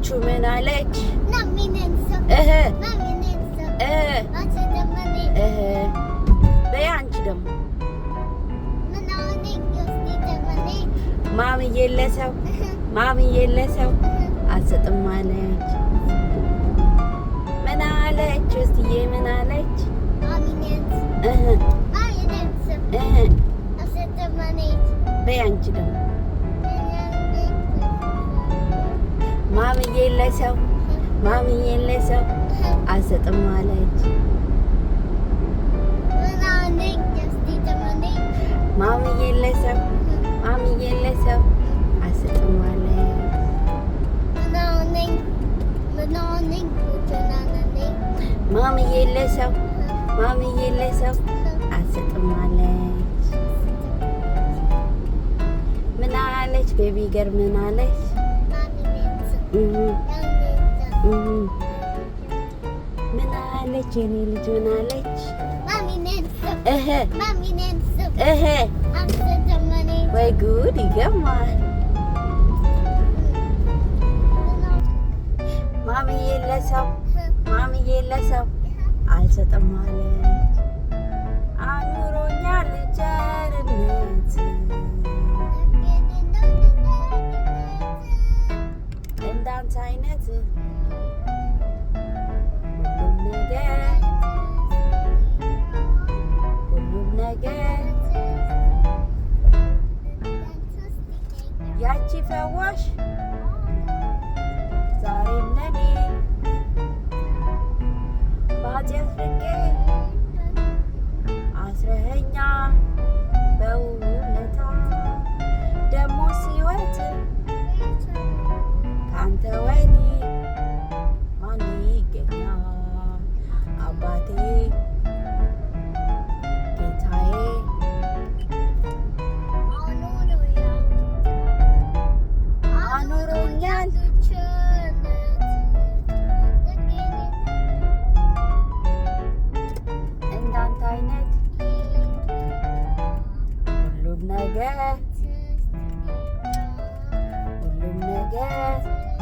Uçu menalek. Nam minenso. Ehe. Nam minenso. Ehe. Açıdım beni. Ehe. Beğendim. Bana örnek gösterdim beni. Mami yerlesem. Mami yerlesem. Açıdım malek. Menalek. Çözdü ye menalek. Aminet. Ehe. ለሰው ማምዬን ሰው አልሰጥም አለች። ማምዬን ለሰው ማምዬን ለሰው አልሰጥም አለች። ማምዬን ለሰው ማምዬን ለሰው አልሰጥም አለች። ምን አለች? ቤቢ ገር ምን አለች? ምን አለች የኔ ልጅ? ምን አለች? ወይ ጉድ ይገማል። ማሚዬ ለሰው ማሚዬ ለሰው አልሰጥም አለች አኑሮኛ ልጀርነት ሁሉም ነገር ያቺ ፈዋሽ ዛሬም ለኔ በኃጢአት ፍቅር አስረኸኛ በው gel. Ölümle gel.